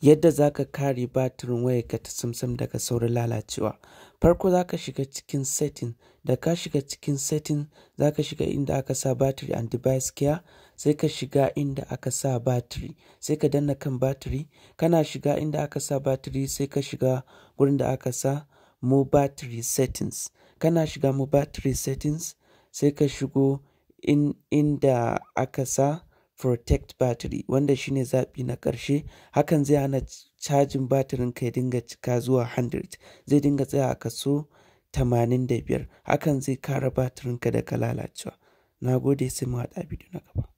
yadda za ka kare batirin ka ta samsam daga saurin lalacewa farko za ka shiga cikin setting da ka shiga cikin setting za ka shiga inda aka sa battery and device care sai ka shiga inda aka sa battery sai ka danna kan battery kana shiga inda aka sa battery sai ka shiga gurin da aka sa mu battery settings kana shiga mu battery settings sai ka shigo inda aka sa protect battery wanda shine zaɓi na ƙarshe hakan zai hana cajin batirin ka ya dinga cika zuwa 100 zai dinga tsaya a kaso 85 hakan zai kare batirin ka daga lalacewa na gode sai mu haɗa bidiyo na gaba